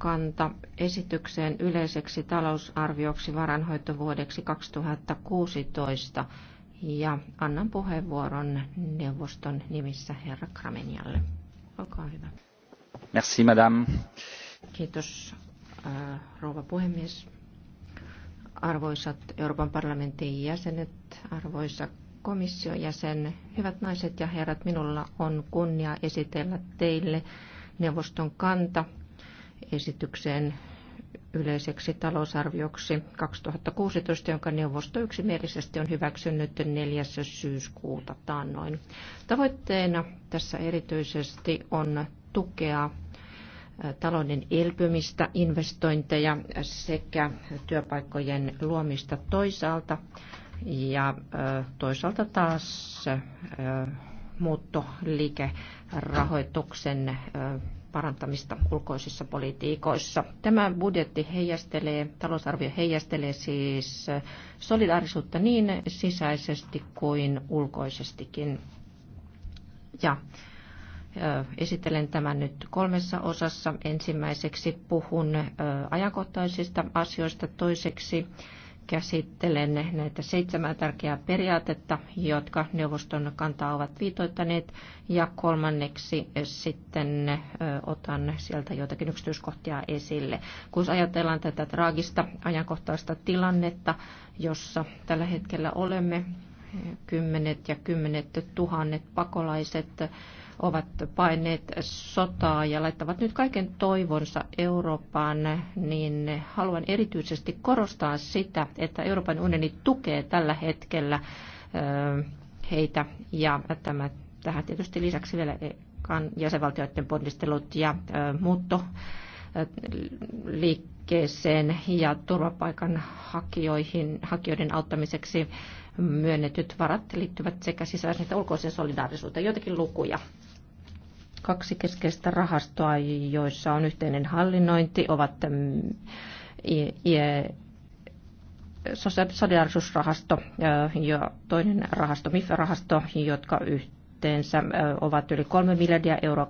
kanta esitykseen yleiseksi talousarvioksi varanhoitovuodeksi 2016 ja annan puheenvuoron neuvoston nimissä herra Kramenialle. Olkaa hyvä. Merci, madame. Kiitos, äh, rouva puhemies. Arvoisat Euroopan parlamentin jäsenet, arvoisa komission jäsen, hyvät naiset ja herrat, minulla on kunnia esitellä teille neuvoston kanta esitykseen yleiseksi talousarvioksi 2016, jonka neuvosto yksimielisesti on hyväksynyt 4. syyskuuta taannoin. Tavoitteena tässä erityisesti on tukea talouden elpymistä, investointeja sekä työpaikkojen luomista toisaalta ja toisaalta taas muuttoliikerahoituksen parantamista ulkoisissa politiikoissa. Tämä budjetti heijastelee, talousarvio heijastelee siis solidaarisuutta niin sisäisesti kuin ulkoisestikin. Ja Esittelen tämän nyt kolmessa osassa. Ensimmäiseksi puhun ajankohtaisista asioista, toiseksi käsittelen näitä seitsemän tärkeää periaatetta, jotka neuvoston kantaa ovat viitoittaneet. Ja kolmanneksi sitten otan sieltä joitakin yksityiskohtia esille. Kun ajatellaan tätä traagista ajankohtaista tilannetta, jossa tällä hetkellä olemme, kymmenet ja kymmenet tuhannet pakolaiset ovat paineet sotaa ja laittavat nyt kaiken toivonsa Eurooppaan, niin haluan erityisesti korostaa sitä, että Euroopan unioni tukee tällä hetkellä heitä ja tämä, tähän tietysti lisäksi vielä jäsenvaltioiden ponnistelut ja muutto liikkeeseen ja turvapaikan hakijoihin, hakijoiden auttamiseksi myönnetyt varat liittyvät sekä sisäisen että ulkoisen solidaarisuuteen. Joitakin lukuja Kaksi keskeistä rahastoa, joissa on yhteinen hallinnointi, ovat mm, solidarisuusrahasto ja toinen rahasto, MIF-rahasto, jotka yhteensä ovat yli 3 miljardia euroa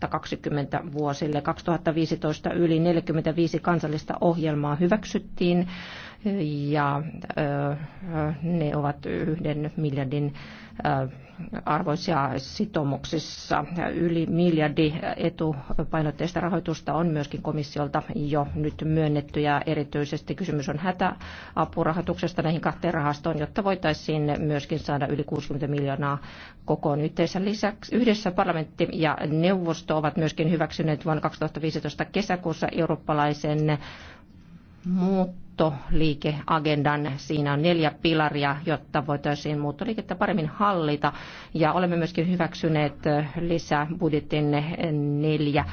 2014-2020 vuosille. 2015 yli 45 kansallista ohjelmaa hyväksyttiin ja ne ovat yhden miljardin arvoisia sitoumuksissa. Yli miljardi etupainotteista rahoitusta on myöskin komissiolta jo nyt myönnetty ja erityisesti kysymys on hätäapurahoituksesta näihin kahteen rahastoon, jotta voitaisiin myöskin saada yli 60 miljoonaa kokoon yhteensä lisäksi. Yhdessä parlamentti ja neuvosto ovat myöskin hyväksyneet vuonna 2015 kesäkuussa eurooppalaisen muuttoliikeagendan. Siinä on neljä pilaria, jotta voitaisiin muuttoliikettä paremmin hallita. Ja olemme myöskin hyväksyneet lisää budjetin neljä äh,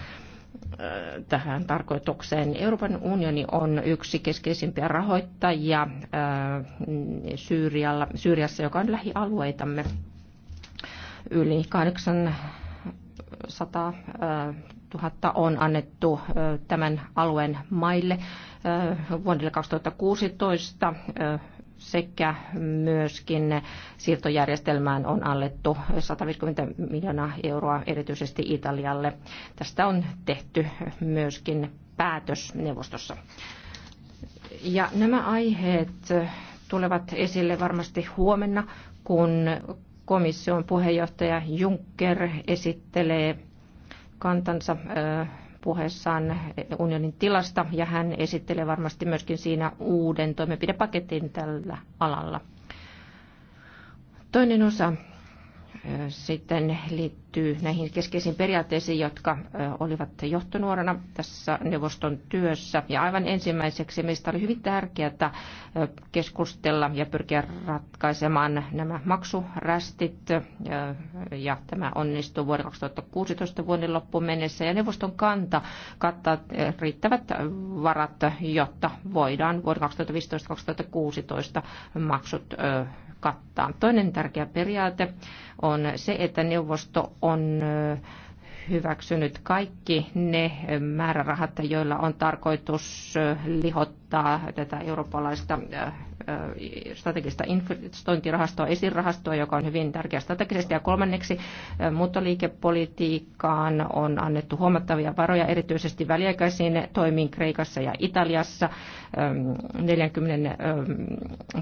tähän tarkoitukseen. Euroopan unioni on yksi keskeisimpiä rahoittajia äh, Syyrialla, Syyriassa, joka on lähialueitamme. Yli 800 000 äh, on annettu tämän alueen maille vuodelle 2016 sekä myöskin siirtojärjestelmään on allettu 150 miljoonaa euroa erityisesti Italialle. Tästä on tehty myöskin päätös neuvostossa. Ja nämä aiheet tulevat esille varmasti huomenna, kun komission puheenjohtaja Juncker esittelee kantansa puheessaan unionin tilasta ja hän esittelee varmasti myöskin siinä uuden toimenpidepaketin tällä alalla. Toinen osa sitten liittyy näihin keskeisiin periaatteisiin, jotka olivat johtonuorana tässä neuvoston työssä. Ja aivan ensimmäiseksi meistä oli hyvin tärkeää keskustella ja pyrkiä ratkaisemaan nämä maksurästit. Ja tämä onnistui vuoden 2016 vuoden loppuun mennessä. Ja neuvoston kanta kattaa riittävät varat, jotta voidaan vuoden 2015-2016 maksut kattaa. Toinen tärkeä periaate on se, että neuvosto on hyväksynyt kaikki ne määrärahat, joilla on tarkoitus lihottaa tätä eurooppalaista strategista investointirahastoa, esirahastoa, joka on hyvin tärkeä strategisesti. Ja kolmanneksi muuttoliikepolitiikkaan on annettu huomattavia varoja erityisesti väliaikaisiin toimiin Kreikassa ja Italiassa 40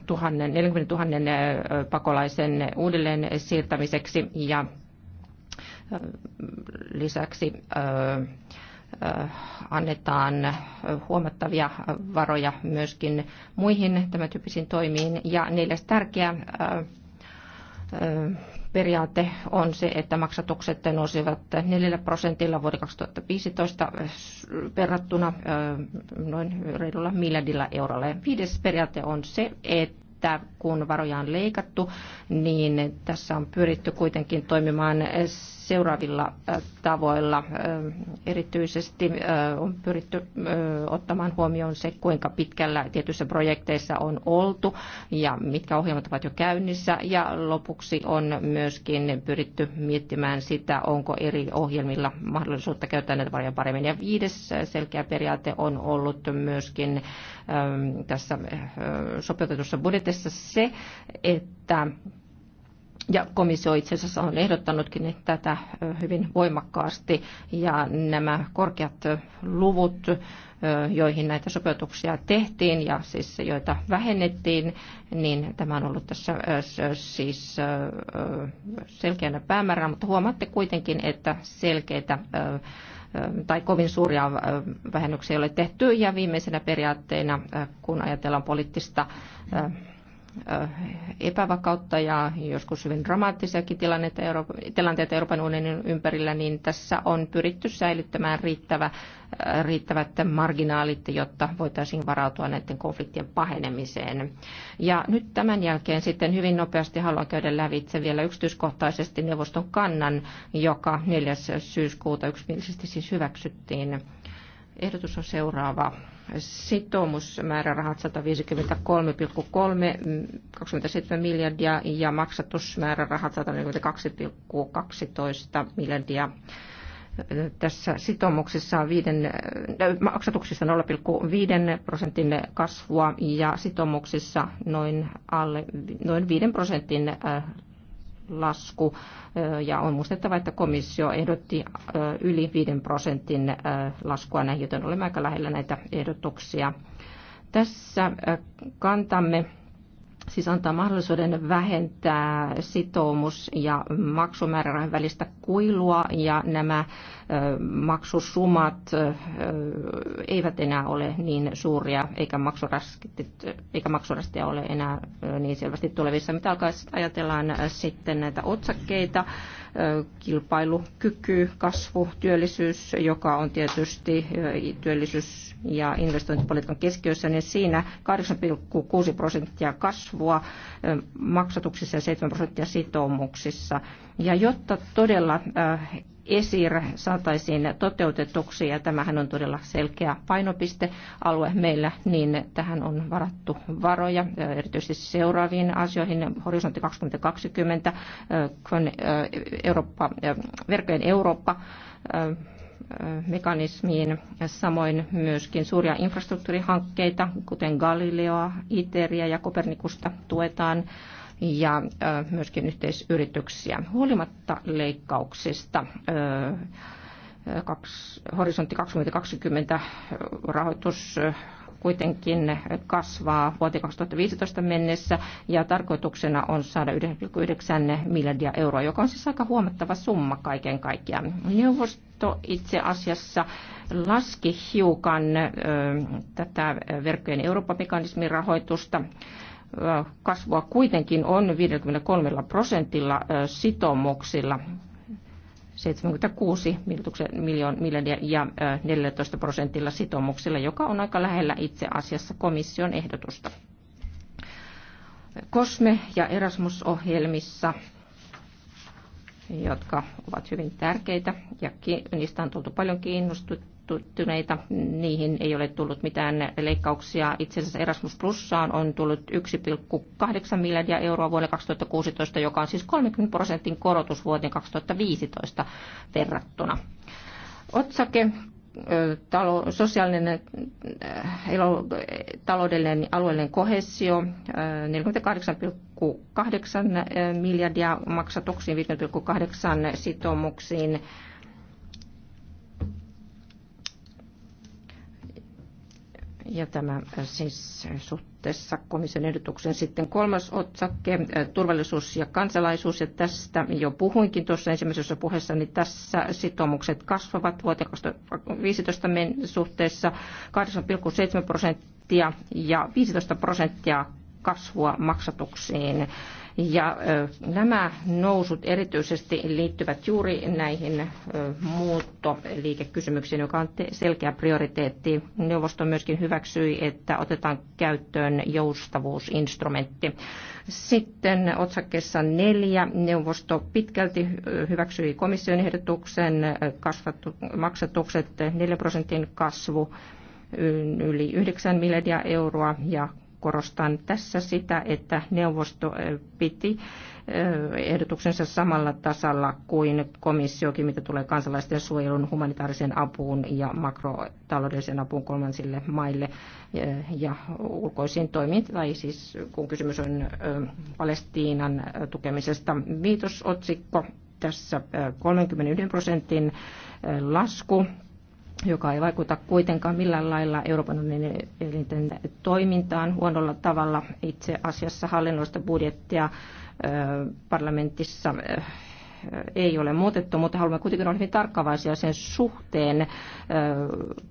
000, 40 000 pakolaisen uudelleen siirtämiseksi ja lisäksi Äh, annetaan huomattavia varoja myöskin muihin tämän tyyppisiin toimiin. Ja neljäs tärkeä äh, äh, periaate on se, että maksatukset nousivat 4 prosentilla vuoden 2015 verrattuna noin reilulla miljardilla eurolla. Ja viides periaate on se, että että kun varoja on leikattu, niin tässä on pyritty kuitenkin toimimaan seuraavilla tavoilla. Erityisesti on pyritty ottamaan huomioon se, kuinka pitkällä tietyissä projekteissa on oltu ja mitkä ohjelmat ovat jo käynnissä. Ja lopuksi on myöskin pyritty miettimään sitä, onko eri ohjelmilla mahdollisuutta käyttää näitä varoja paremmin. Ja viides selkeä periaate on ollut myöskin tässä sopeutetussa budjetissa se, että ja komissio itse asiassa on ehdottanutkin tätä hyvin voimakkaasti ja nämä korkeat luvut, joihin näitä sopeutuksia tehtiin ja siis joita vähennettiin, niin tämä on ollut tässä siis selkeänä päämäärä, mutta huomaatte kuitenkin, että selkeitä tai kovin suuria vähennyksiä ei ole tehty ja viimeisenä periaatteena, kun ajatellaan poliittista Äh, epävakautta ja joskus hyvin dramaattisiakin tilanteita, Euroopan, tilanteita Euroopan unionin ympärillä, niin tässä on pyritty säilyttämään riittävä, äh, riittävät marginaalit, jotta voitaisiin varautua näiden konfliktien pahenemiseen. Ja nyt tämän jälkeen sitten hyvin nopeasti haluan käydä lävitse vielä yksityiskohtaisesti neuvoston kannan, joka 4. syyskuuta yksimielisesti siis hyväksyttiin Ehdotus on seuraava. määrärahat 153,27 miljardia ja maksatusmäärärahat 142,12 miljardia. Tässä sitoumuksessa on viiden, äh, maksatuksissa 0,5 prosentin kasvua ja sitoumuksissa noin, alle, noin 5 prosentin äh, lasku. Ja on muistettava, että komissio ehdotti yli 5 prosentin laskua näihin, joten olemme aika lähellä näitä ehdotuksia. Tässä kantamme siis antaa mahdollisuuden vähentää sitoumus- ja maksumäärärahan välistä kuilua ja nämä maksusumat eivät enää ole niin suuria eikä, eikä maksurastia ole enää niin selvästi tulevissa. Mitä alkaa ajatellaan sitten näitä otsakkeita, kilpailukyky, kasvu, työllisyys, joka on tietysti työllisyys- ja investointipolitiikan keskiössä, niin siinä 8,6 prosenttia kasvua maksatuksissa ja 7 prosenttia sitoumuksissa. Ja jotta todella ESIR saataisiin toteutetuksi, ja tämähän on todella selkeä painopistealue meillä, niin tähän on varattu varoja, erityisesti seuraaviin asioihin, horisontti 2020, Eurooppa, verkojen Eurooppa, mekanismiin, samoin myöskin suuria infrastruktuurihankkeita, kuten Galileoa, Iteria ja Kopernikusta tuetaan ja myöskin yhteisyrityksiä. Huolimatta leikkauksista kaksi, horisontti 2020 rahoitus kuitenkin kasvaa vuoteen 2015 mennessä ja tarkoituksena on saada 1,9 miljardia euroa, joka on siis aika huomattava summa kaiken kaikkiaan. Neuvosto itse asiassa laski hiukan tätä verkkojen Eurooppa-mekanismin rahoitusta kasvua kuitenkin on 53 prosentilla sitoumuksilla 76 miljardia ja 14 prosentilla sitoumuksilla, joka on aika lähellä itse asiassa komission ehdotusta. COSME- ja Erasmus-ohjelmissa, jotka ovat hyvin tärkeitä ja niistä on tultu paljon kiinnostuneita, kiinnostuneita. Niihin ei ole tullut mitään leikkauksia. Itse asiassa Erasmus Plussaan on tullut 1,8 miljardia euroa vuonna 2016, joka on siis 30 prosentin korotus vuoteen 2015 verrattuna. Otsake talo, sosiaalinen elo, taloudellinen alueellinen kohesio 48,8 miljardia maksatuksiin, 5,8 sitoumuksiin Ja tämä äh, siis äh, suhteessa komission ehdotuksen sitten kolmas otsakke, äh, turvallisuus ja kansalaisuus, ja tästä jo puhuinkin tuossa ensimmäisessä puheessa, niin tässä sitoumukset kasvavat vuoteen 2015 suhteessa 8,7 prosenttia ja 15 prosenttia kasvua maksatuksiin ja nämä nousut erityisesti liittyvät juuri näihin muuttoliikekysymyksiin, joka on selkeä prioriteetti. Neuvosto myöskin hyväksyi, että otetaan käyttöön joustavuusinstrumentti. Sitten otsakkeessa neljä neuvosto pitkälti hyväksyi komission ehdotuksen kasvatu, maksatukset 4 prosentin kasvu yli 9 miljardia euroa ja korostan tässä sitä, että neuvosto piti ehdotuksensa samalla tasalla kuin komissiokin, mitä tulee kansalaisten suojelun, humanitaariseen apuun ja makrotaloudelliseen apuun kolmansille maille ja ulkoisiin toimiin, tai siis kun kysymys on Palestiinan tukemisesta. Viitosotsikko tässä 31 prosentin lasku joka ei vaikuta kuitenkaan millään lailla Euroopan unionin elinten toimintaan huonolla tavalla. Itse asiassa hallinnollista budjettia parlamentissa ei ole muutettu, mutta haluamme kuitenkin olla hyvin tarkkavaisia sen suhteen,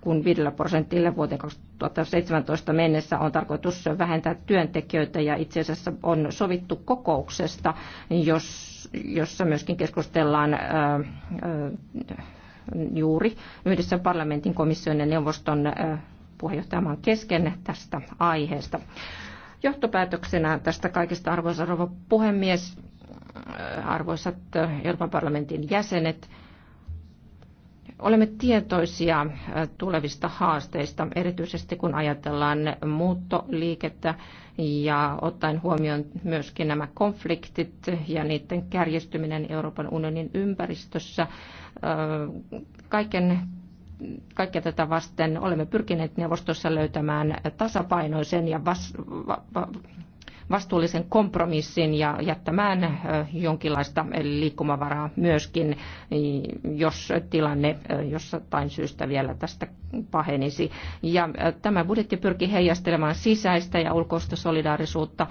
kun 5 prosentille vuoteen 2017 mennessä on tarkoitus vähentää työntekijöitä ja itse asiassa on sovittu kokouksesta, jos, jossa myöskin keskustellaan juuri yhdessä parlamentin komission ja neuvoston puheenjohtajamaan kesken tästä aiheesta. Johtopäätöksenä tästä kaikesta, arvoisa rouva puhemies, arvoisat Euroopan parlamentin jäsenet, olemme tietoisia tulevista haasteista, erityisesti kun ajatellaan muuttoliikettä ja ottaen huomioon myöskin nämä konfliktit ja niiden kärjestyminen Euroopan unionin ympäristössä Kaiken kaikkea tätä vasten olemme pyrkineet neuvostossa löytämään tasapainoisen ja vas, va, va, vastuullisen kompromissin ja jättämään äh, jonkinlaista liikkumavaraa myöskin, jos tilanne äh, jostain syystä vielä tästä pahenisi. Ja äh, tämä budjetti pyrkii heijastelemaan sisäistä ja ulkoista solidaarisuutta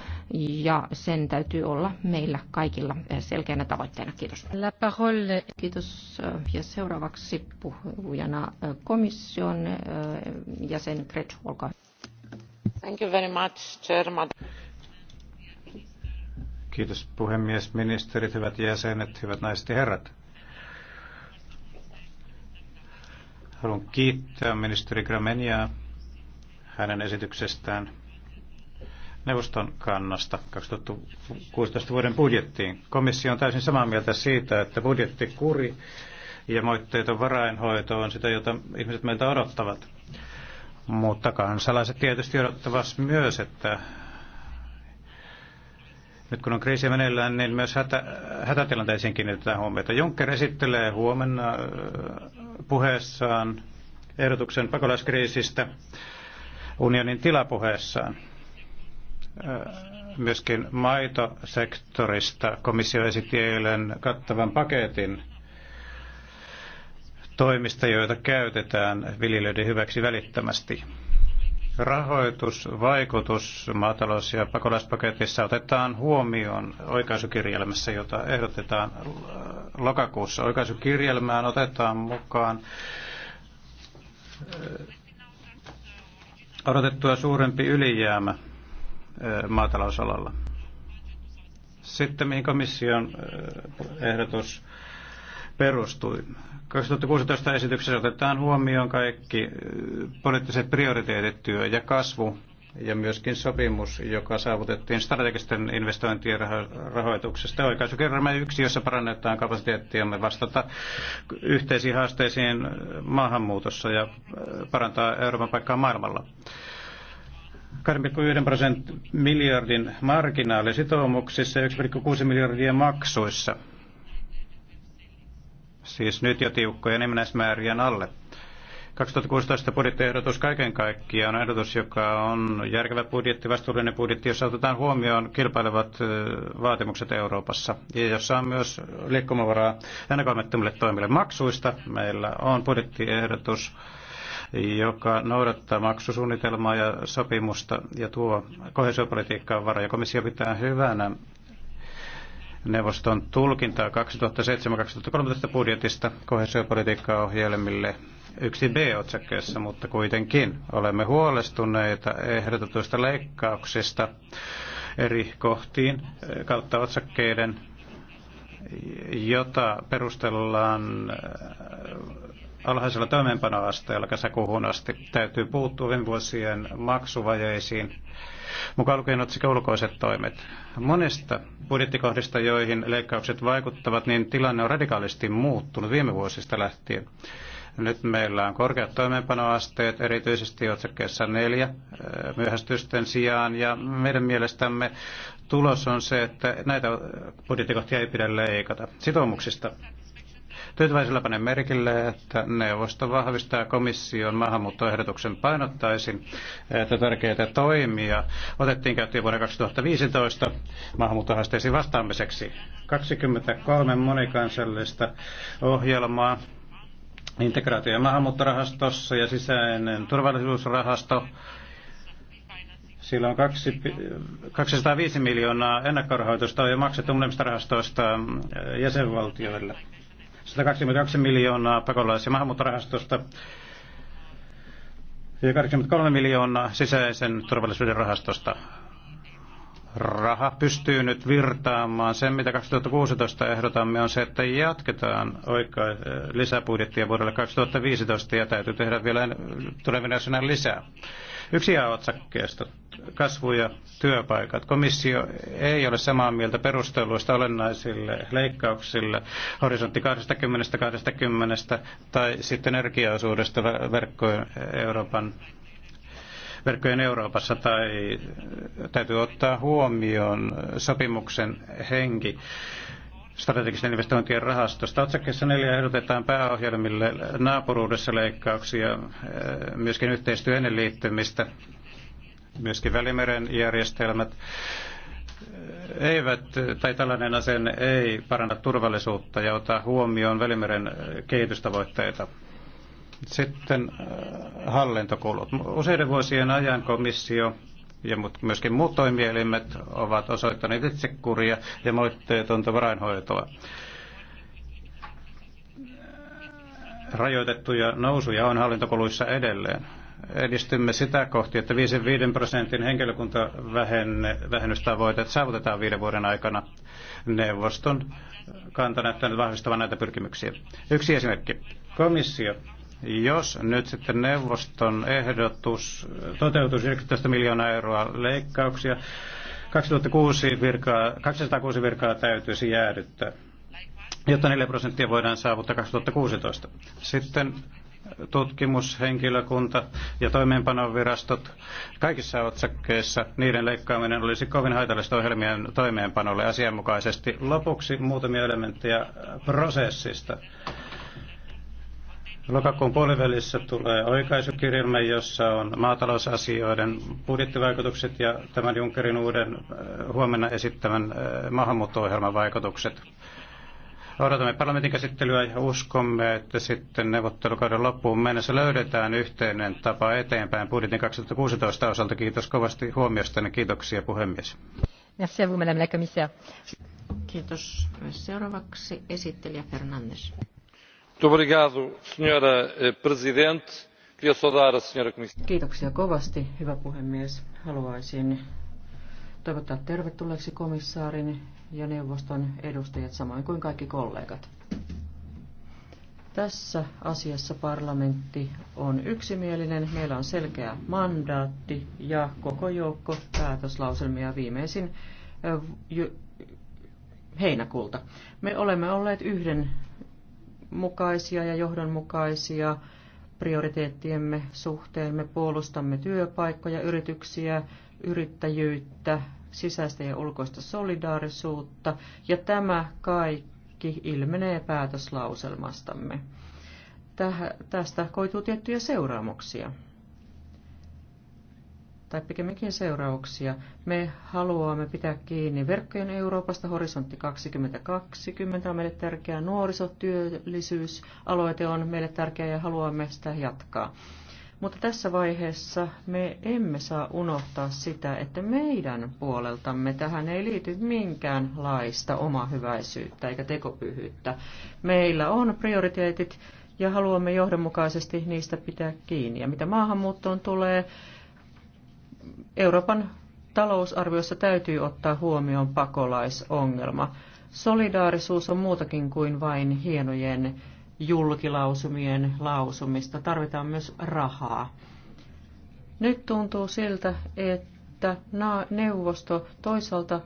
ja sen täytyy olla meillä kaikilla selkeänä tavoitteena. Kiitos. La parole. Kiitos. Ja seuraavaksi puhujana komission jäsen Gretsch, olkaa hyvä. Thank you very much, Chairman. Kiitos puhemies, ministerit, hyvät jäsenet, hyvät naiset ja herrat. Haluan kiittää ministeri Gramenia hänen esityksestään neuvoston kannasta 2016 vuoden budjettiin. Komissio on täysin samaa mieltä siitä, että budjettikuri ja moitteeton varainhoito on sitä, jota ihmiset meiltä odottavat. Mutta kansalaiset tietysti odottavat myös, että nyt kun on kriisi meneillään, niin myös hätä, hätätilanteisiin kiinnitetään huomiota. Juncker esittelee huomenna äh, puheessaan ehdotuksen pakolaiskriisistä unionin tilapuheessaan. Äh, myöskin maitosektorista komissio esitti eilen kattavan paketin toimista, joita käytetään viljelijöiden hyväksi välittömästi rahoitusvaikutus maatalous- ja pakolaispaketissa otetaan huomioon oikaisukirjelmässä, jota ehdotetaan lokakuussa. Oikaisukirjelmään otetaan mukaan odotettua suurempi ylijäämä maatalousalalla. Sitten mihin komission ehdotus perustui. 2016 esityksessä otetaan huomioon kaikki poliittiset prioriteetit, työ ja kasvu ja myöskin sopimus, joka saavutettiin strategisten investointien rahoituksesta. Oikaisukerrama yksi, jossa parannetaan kapasiteettiamme vastata yhteisiin haasteisiin maahanmuutossa ja parantaa Euroopan paikkaa maailmalla. 2,1 prosentin miljardin marginaalisitoumuksissa ja 1,6 miljardia maksuissa – siis nyt jo tiukkojen enimmäismäärien alle. 2016 budjettiehdotus kaiken kaikkiaan on ehdotus, joka on järkevä budjetti, vastuullinen budjetti, jossa otetaan huomioon kilpailevat vaatimukset Euroopassa ja jossa on myös liikkumavaraa ennakoimattomille toimille maksuista. Meillä on budjettiehdotus, joka noudattaa maksusuunnitelmaa ja sopimusta ja tuo kohesiopolitiikkaan varoja. Komissio pitää hyvänä neuvoston tulkintaa 2007-2013 budjetista kohesiopolitiikkaa ohjelmille yksi b otsakkeessa mutta kuitenkin olemme huolestuneita ehdotetuista leikkauksista eri kohtiin eh, kautta otsakkeiden, jota perustellaan eh, alhaisella toimeenpanoasteella kesäkuuhun asti. Täytyy puuttua viime vuosien maksuvajeisiin mukaan lukien otsikko ulkoiset toimet. Monista budjettikohdista, joihin leikkaukset vaikuttavat, niin tilanne on radikaalisti muuttunut viime vuosista lähtien. Nyt meillä on korkeat toimeenpanoasteet, erityisesti otsakkeessa neljä äh, myöhästysten sijaan, ja meidän mielestämme tulos on se, että näitä budjettikohtia ei pidä leikata sitoumuksista. Tyytyväisellä panen merkille, että neuvosto vahvistaa komission maahanmuuttoehdotuksen painottaisin, että tärkeitä toimia otettiin käyttöön vuonna 2015 maahanmuuttohaasteisiin vastaamiseksi. 23 monikansallista ohjelmaa integraatio- ja maahanmuuttorahastossa ja sisäinen turvallisuusrahasto sillä on 205 miljoonaa ennakkorahoitusta on jo maksettu molemmista rahastoista jäsenvaltioille. 122 miljoonaa pakolais- ja maahanmuuttorahastosta ja 83 miljoonaa sisäisen turvallisuuden rahastosta. Raha pystyy nyt virtaamaan. Sen, mitä 2016 ehdotamme, on se, että jatketaan oikea lisäbudjettia vuodelle 2015 ja täytyy tehdä vielä tulevina lisää. Yksi A-otsakkeesta, kasvu ja työpaikat. Komissio ei ole samaa mieltä perusteluista olennaisille leikkauksille horisontti 20-20 tai sitten energiaosuudesta verkkojen Euroopan verkkojen Euroopassa tai täytyy ottaa huomioon sopimuksen henki strategisten investointien rahastosta. Otsakkeessa neljä ehdotetaan pääohjelmille naapuruudessa leikkauksia, eh, myöskin yhteistyö ennen liittymistä, myöskin välimeren järjestelmät eh, eivät, tai tällainen asenne ei paranna turvallisuutta ja ota huomioon Välimeren eh, kehitystavoitteita. Sitten hallintokulut. Useiden vuosien ajan komissio ja myöskin muut toimielimet ovat osoittaneet itsekuria ja moitteetonta varainhoitoa. Rajoitettuja nousuja on hallintokuluissa edelleen. Edistymme sitä kohti, että 55 prosentin henkilökuntavähennystavoitteet saavutetaan viiden vuoden aikana. Neuvoston kanta näyttää vahvistavan näitä pyrkimyksiä. Yksi esimerkki. Komissio jos nyt sitten neuvoston ehdotus toteutus 19 miljoonaa euroa leikkauksia, 2006 virkaa, 206 virkaa täytyisi jäädyttää, jotta 4 prosenttia voidaan saavuttaa 2016. Sitten tutkimushenkilökunta ja toimeenpanovirastot. Kaikissa otsakkeissa niiden leikkaaminen olisi kovin haitallista ohjelmien toimeenpanolle asianmukaisesti. Lopuksi muutamia elementtejä prosessista. Lokakuun puolivälissä tulee oikaisukirjelmä, jossa on maatalousasioiden budjettivaikutukset ja tämän Junckerin uuden äh, huomenna esittämän äh, maahanmuutto-ohjelman vaikutukset. Odotamme parlamentin käsittelyä ja uskomme, että sitten neuvottelukauden loppuun mennessä löydetään yhteinen tapa eteenpäin budjetin 2016 osalta. Kiitos kovasti huomiosta ja kiitoksia puhemies. Merci à vous, madame la commissaire. Kiitos. Seuraavaksi esittelijä Fernandes. Eh, Kiitoksia kovasti, hyvä puhemies. Haluaisin toivottaa tervetulleeksi komissaarin ja neuvoston edustajat samoin kuin kaikki kollegat. Tässä asiassa parlamentti on yksimielinen. Meillä on selkeä mandaatti ja koko joukko päätöslauselmia viimeisin eh, heinäkuulta. Me olemme olleet yhden mukaisia ja johdonmukaisia prioriteettiemme suhteen. Me puolustamme työpaikkoja, yrityksiä, yrittäjyyttä, sisäistä ja ulkoista solidaarisuutta, ja tämä kaikki ilmenee päätöslauselmastamme. tästä koituu tiettyjä seuraamuksia tai pikemminkin seurauksia. Me haluamme pitää kiinni verkkojen Euroopasta, horisontti 2020 on meille tärkeä, nuorisotyöllisyysaloite on meille tärkeä ja haluamme sitä jatkaa. Mutta tässä vaiheessa me emme saa unohtaa sitä, että meidän puoleltamme tähän ei liity minkäänlaista hyväisyyttä eikä tekopyhyyttä. Meillä on prioriteetit ja haluamme johdonmukaisesti niistä pitää kiinni. Ja mitä maahanmuuttoon tulee, Euroopan talousarviossa täytyy ottaa huomioon pakolaisongelma. Solidaarisuus on muutakin kuin vain hienojen julkilausumien lausumista. Tarvitaan myös rahaa. Nyt tuntuu siltä, että neuvosto toisaalta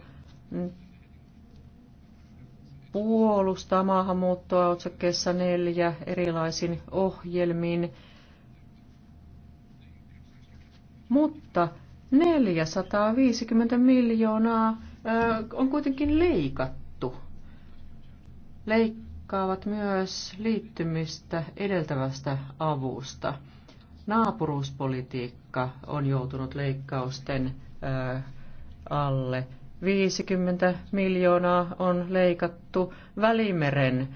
puolustaa maahanmuuttoa otsakkeessa neljä erilaisin ohjelmin, mutta 450 miljoonaa on kuitenkin leikattu. Leikkaavat myös liittymistä edeltävästä avusta. Naapuruuspolitiikka on joutunut leikkausten alle. 50 miljoonaa on leikattu Välimeren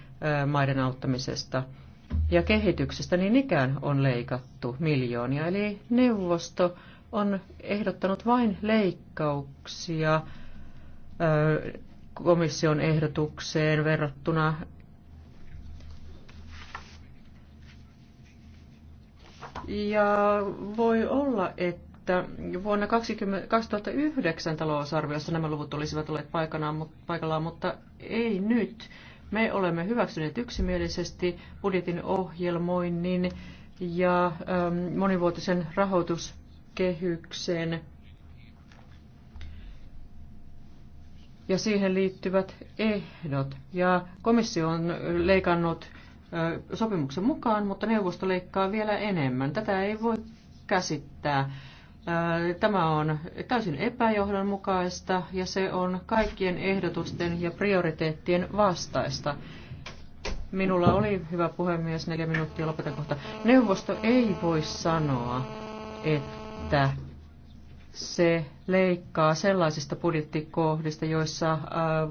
maiden auttamisesta ja kehityksestä niin ikään on leikattu miljoonia. Eli neuvosto on ehdottanut vain leikkauksia komission ehdotukseen verrattuna Ja voi olla, että vuonna 20, 2009 talousarviossa nämä luvut olisivat olleet paikanaan, paikallaan, mutta ei nyt. Me olemme hyväksyneet yksimielisesti budjetin ohjelmoinnin ja monivuotisen rahoitus kehyksen ja siihen liittyvät ehdot. Ja komissio on leikannut sopimuksen mukaan, mutta neuvosto leikkaa vielä enemmän. Tätä ei voi käsittää. Tämä on täysin epäjohdonmukaista ja se on kaikkien ehdotusten ja prioriteettien vastaista. Minulla oli hyvä puhemies, neljä minuuttia lopetan kohta. Neuvosto ei voi sanoa, että että se leikkaa sellaisista budjettikohdista, joissa äh,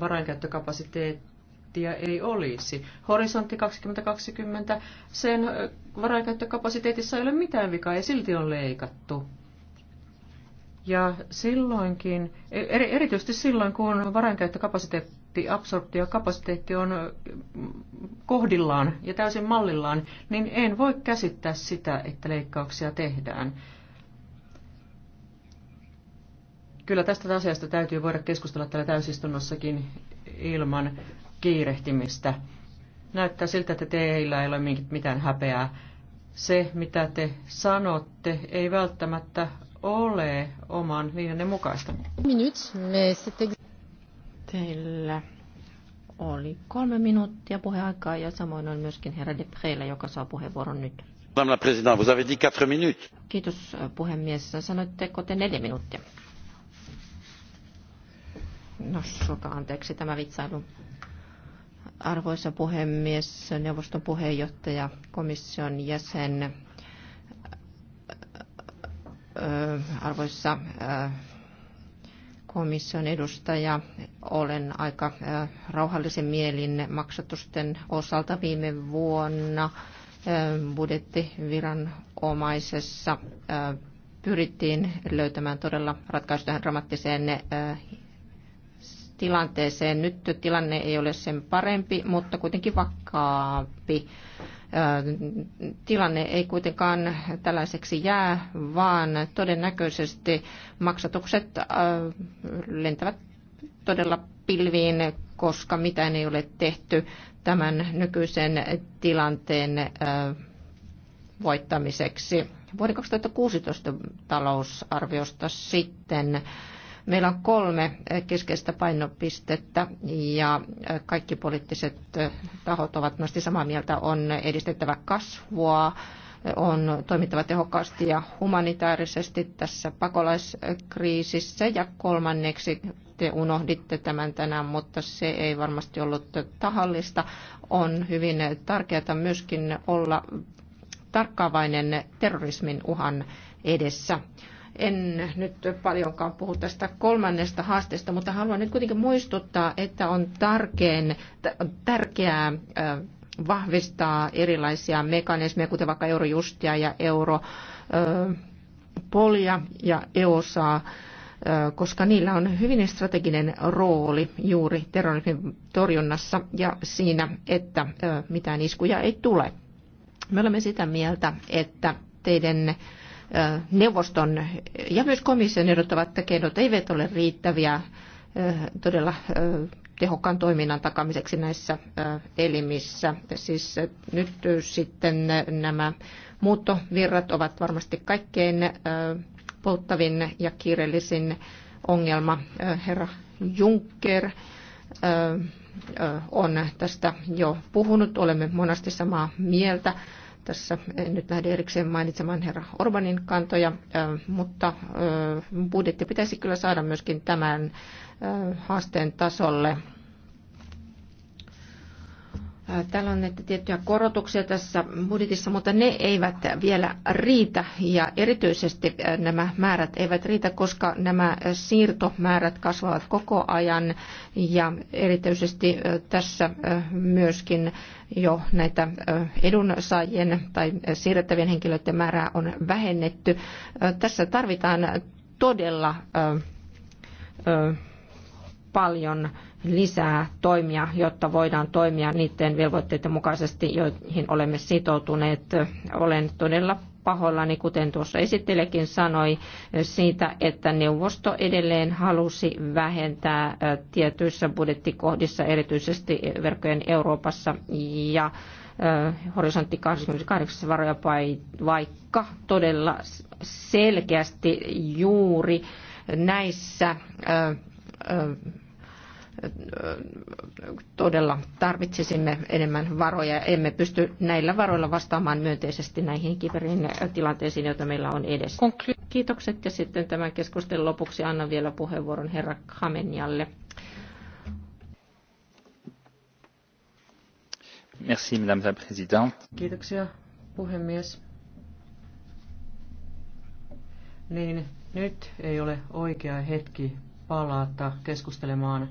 varainkäyttökapasiteettia ei olisi. Horisontti 2020, sen äh, varainkäyttökapasiteetissa ei ole mitään vikaa ja silti on leikattu. Ja silloinkin, e, erityisesti silloin, kun varainkäyttökapasiteetti, absorptiokapasiteetti on äh, kohdillaan ja täysin mallillaan, niin en voi käsittää sitä, että leikkauksia tehdään. Kyllä tästä asiasta täytyy voida keskustella täällä täysistunnossakin ilman kiirehtimistä. Näyttää siltä, että teillä ei ole mitään häpeää. Se, mitä te sanotte, ei välttämättä ole oman linjanne mukaista. Minut, me sitten... Teillä oli kolme minuuttia puheaikaa ja samoin on myöskin herra Depreillä, joka saa puheenvuoron nyt. Madame la Présidente, vous avez dit quatre minutes. Kiitos äh, puhemies. Sanoitteko te neljä minuuttia? No, suokaa anteeksi tämä vitsailu. Arvoisa puhemies, neuvoston puheenjohtaja, komission jäsen, arvoisa komission edustaja. Olen aika rauhallisen mielin maksatusten osalta viime vuonna budjettiviranomaisessa pyrittiin löytämään todella ratkaisu tähän dramaattiseen tilanteeseen. Nyt tilanne ei ole sen parempi, mutta kuitenkin vakkaampi. Tilanne ei kuitenkaan tällaiseksi jää, vaan todennäköisesti maksatukset lentävät todella pilviin, koska mitään ei ole tehty tämän nykyisen tilanteen voittamiseksi. Vuoden 2016 talousarviosta sitten Meillä on kolme keskeistä painopistettä ja kaikki poliittiset tahot ovat nosti samaa mieltä. On edistettävä kasvua, on toimittava tehokkaasti ja humanitaarisesti tässä pakolaiskriisissä. Ja kolmanneksi, te unohditte tämän tänään, mutta se ei varmasti ollut tahallista, on hyvin tärkeää myöskin olla tarkkaavainen terrorismin uhan edessä. En nyt paljonkaan puhu tästä kolmannesta haasteesta, mutta haluan nyt kuitenkin muistuttaa, että on tärkein, tärkeää vahvistaa erilaisia mekanismeja, kuten vaikka eurojustia ja europolia ja EOSAa koska niillä on hyvin strateginen rooli juuri terrorismin torjunnassa ja siinä, että mitään iskuja ei tule. Me olemme sitä mieltä, että teidän neuvoston ja myös komission ehdottavat keinot eivät ole riittäviä todella tehokkaan toiminnan takamiseksi näissä elimissä. Siis nyt sitten nämä muuttovirrat ovat varmasti kaikkein polttavin ja kiireellisin ongelma. Herra Juncker on tästä jo puhunut, olemme monesti samaa mieltä tässä en nyt lähde erikseen mainitsemaan herra Orbanin kantoja, mutta budjetti pitäisi kyllä saada myöskin tämän haasteen tasolle Täällä on näitä tiettyjä korotuksia tässä budjetissa, mutta ne eivät vielä riitä ja erityisesti nämä määrät eivät riitä, koska nämä siirtomäärät kasvavat koko ajan ja erityisesti tässä myöskin jo näitä edunsaajien tai siirrettävien henkilöiden määrää on vähennetty. Tässä tarvitaan todella paljon lisää toimia, jotta voidaan toimia niiden velvoitteiden mukaisesti, joihin olemme sitoutuneet. Olen todella pahoillani, kuten tuossa esittelekin sanoi, siitä, että neuvosto edelleen halusi vähentää tietyissä budjettikohdissa, erityisesti verkkojen Euroopassa ja horisontti 28 varoja, vaikka todella selkeästi juuri näissä todella tarvitsisimme enemmän varoja. Emme pysty näillä varoilla vastaamaan myönteisesti näihin kiperiin tilanteisiin, joita meillä on edessä. Kiitokset ja sitten tämän keskustelun lopuksi annan vielä puheenvuoron herra Kamenialle. Merci, madame la présidente. Kiitoksia, puhemies. Niin, nyt ei ole oikea hetki palata keskustelemaan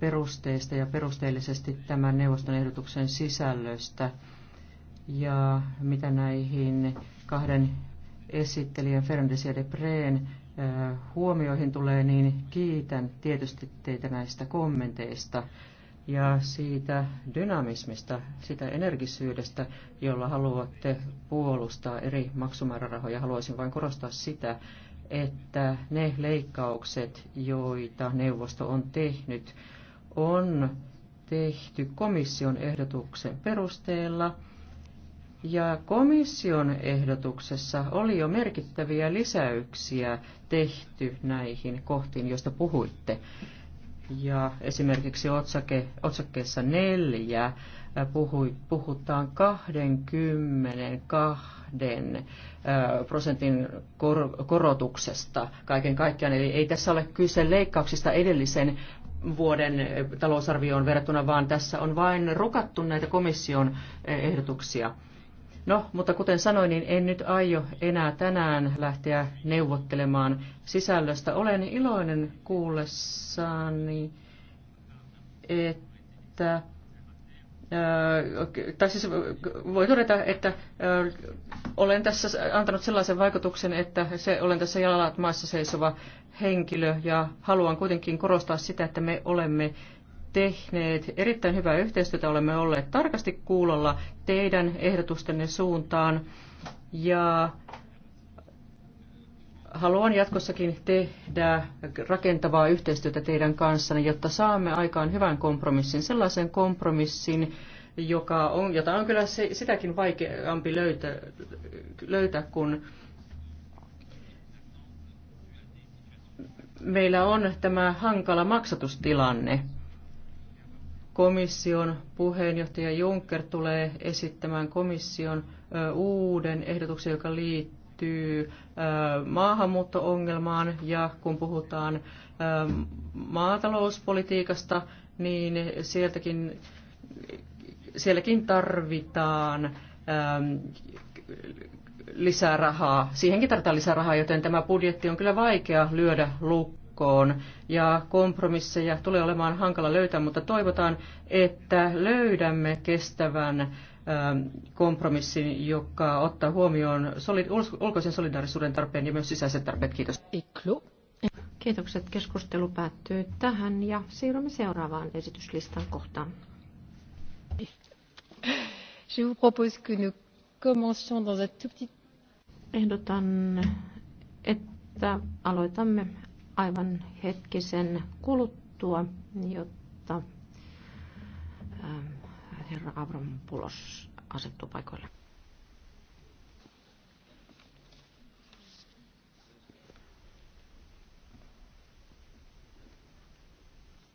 perusteista ja perusteellisesti tämän neuvoston ehdotuksen sisällöstä. Ja mitä näihin kahden esittelijän Fernandes ja Depreen huomioihin tulee, niin kiitän tietysti teitä näistä kommenteista ja siitä dynamismista, sitä energisyydestä, jolla haluatte puolustaa eri maksumäärärahoja. Haluaisin vain korostaa sitä, että ne leikkaukset, joita neuvosto on tehnyt, on tehty komission ehdotuksen perusteella. Ja komission ehdotuksessa oli jo merkittäviä lisäyksiä tehty näihin kohtiin, joista puhuitte. Ja esimerkiksi otsake, otsakkeessa neljä äh, puhui, puhutaan 22 äh, prosentin kor, korotuksesta kaiken kaikkiaan. Eli ei tässä ole kyse leikkauksista edellisen vuoden eh, talousarvioon verrattuna, vaan tässä on vain rukattu näitä komission eh, ehdotuksia. No, mutta kuten sanoin, niin en nyt aio enää tänään lähteä neuvottelemaan sisällöstä. Olen iloinen kuullessani, että tai siis voi todeta, että olen tässä antanut sellaisen vaikutuksen, että se, olen tässä jalat maassa seisova henkilö ja haluan kuitenkin korostaa sitä, että me olemme tehneet erittäin hyvää yhteistyötä, olemme olleet tarkasti kuulolla teidän ehdotustenne suuntaan ja Haluan jatkossakin tehdä rakentavaa yhteistyötä teidän kanssanne, jotta saamme aikaan hyvän kompromissin, sellaisen kompromissin, joka on, jota on kyllä se, sitäkin vaikeampi löytää, löytää kun meillä on tämä hankala maksatustilanne. Komission puheenjohtaja Juncker tulee esittämään komission uuden ehdotuksen, joka liittyy liittyy maahanmuuttoongelmaan ja kun puhutaan maatalouspolitiikasta, niin sieltäkin, sielläkin tarvitaan lisää rahaa. Siihenkin tarvitaan lisää rahaa, joten tämä budjetti on kyllä vaikea lyödä lukkoon ja kompromisseja tulee olemaan hankala löytää, mutta toivotaan, että löydämme kestävän Ähm, kompromissin, joka ottaa huomioon soli, ulkoisen solidaarisuuden tarpeen ja myös sisäiset tarpeet. Kiitos. Iklu. Kiitokset. Keskustelu päättyy tähän ja siirrymme seuraavaan esityslistan kohtaan. Je vous propose que nous commencions dans un tout petit... Ehdotan, että aloitamme aivan hetkisen kuluttua, jotta herra Avram Pulos asettuu paikoille.